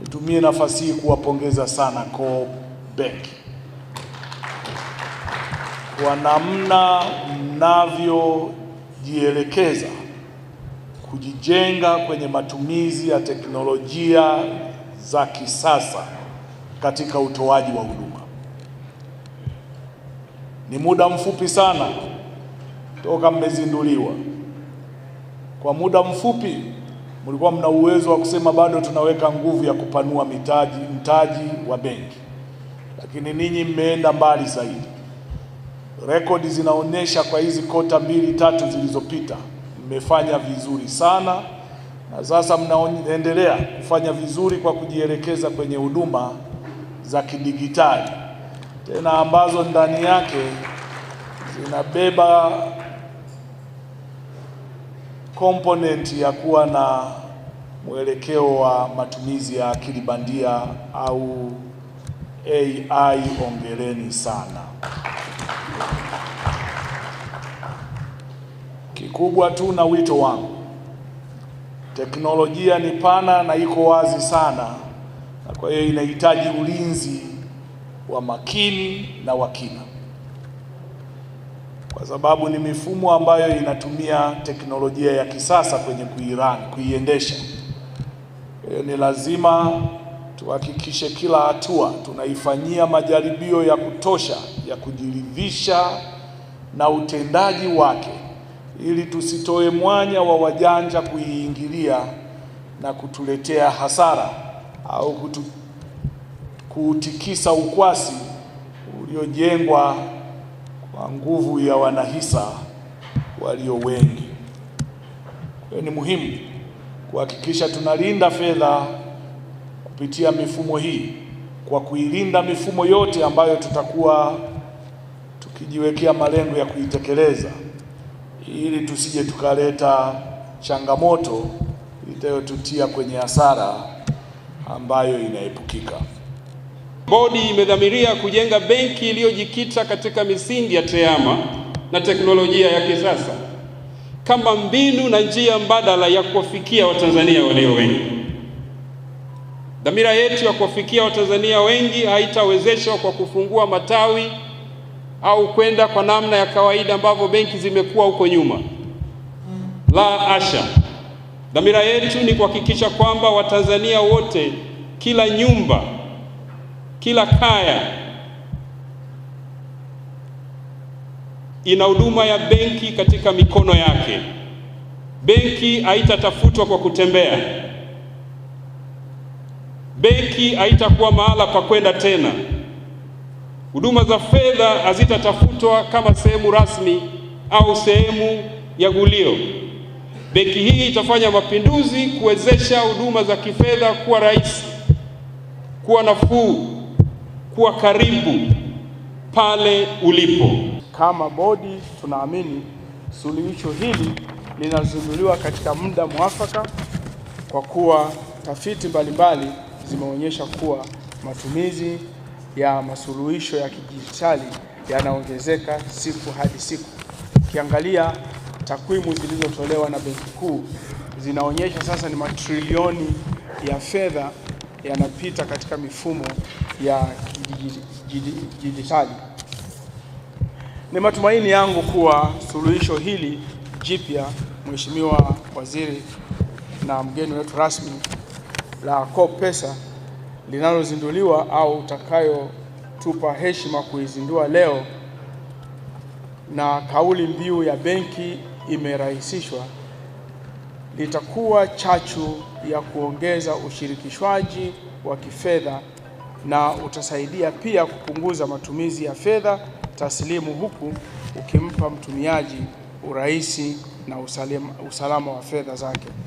Nitumie nafasi hii kuwapongeza sana Bank kwa namna mnavyojielekeza kujijenga kwenye matumizi ya teknolojia za kisasa katika utoaji wa huduma. Ni muda mfupi sana toka mmezinduliwa, kwa muda mfupi mlikuwa mna uwezo wa kusema bado tunaweka nguvu ya kupanua mitaji, mtaji wa benki, lakini ninyi mmeenda mbali zaidi. Rekodi zinaonyesha kwa hizi kota mbili tatu zilizopita mmefanya vizuri sana, na sasa mnaendelea kufanya vizuri kwa kujielekeza kwenye huduma za kidigitali tena ambazo ndani yake zinabeba component ya kuwa na mwelekeo wa matumizi ya akili bandia au AI, ongereni sana. Kikubwa tu na wito wangu, teknolojia ni pana na iko wazi sana, na kwa hiyo inahitaji ulinzi wa makini na wa kina kwa sababu ni mifumo ambayo inatumia teknolojia ya kisasa kwenye kuiran kuiendesha. E, ni lazima tuhakikishe kila hatua tunaifanyia majaribio ya kutosha ya kujiridhisha na utendaji wake ili tusitoe mwanya wa wajanja kuiingilia na kutuletea hasara au kutu, kuutikisa ukwasi uliojengwa nguvu ya wanahisa walio wengi. Kwa hiyo ni muhimu kuhakikisha tunalinda fedha kupitia mifumo hii kwa kuilinda mifumo yote ambayo tutakuwa tukijiwekea malengo ya kuitekeleza ili tusije tukaleta changamoto itayotutia kwenye hasara ambayo inaepukika. Bodi imedhamiria kujenga benki iliyojikita katika misingi ya TEHAMA na teknolojia ya kisasa kama mbinu na njia mbadala ya kuwafikia Watanzania walio wengi. Dhamira yetu ya kuwafikia Watanzania wengi haitawezeshwa kwa kufungua matawi au kwenda kwa namna ya kawaida ambavyo benki zimekuwa huko nyuma. La asha. Dhamira yetu ni kuhakikisha kwamba Watanzania wote, kila nyumba kila kaya ina huduma ya benki katika mikono yake. Benki haitatafutwa kwa kutembea, benki haitakuwa mahala pa kwenda tena. Huduma za fedha hazitatafutwa kama sehemu rasmi au sehemu ya gulio. Benki hii itafanya mapinduzi kuwezesha huduma za kifedha kuwa rahisi, kuwa nafuu kuwa karibu pale ulipo. Kama bodi, tunaamini suluhisho hili linazinduliwa katika muda mwafaka, kwa kuwa tafiti mbalimbali zimeonyesha kuwa matumizi ya masuluhisho ya kidijitali yanaongezeka siku hadi siku. Ukiangalia takwimu zilizotolewa na Benki Kuu zinaonyesha sasa ni matrilioni ya fedha yanapita katika mifumo ya kidijitali. Ni matumaini yangu kuwa suluhisho hili jipya, Mheshimiwa Waziri na mgeni wetu rasmi, la COP-Pesa linalozinduliwa au utakayotupa heshima kuizindua leo, na kauli mbiu ya benki imerahisishwa litakuwa chachu ya kuongeza ushirikishwaji wa kifedha na utasaidia pia kupunguza matumizi ya fedha taslimu huku ukimpa mtumiaji urahisi na usalama wa fedha zake.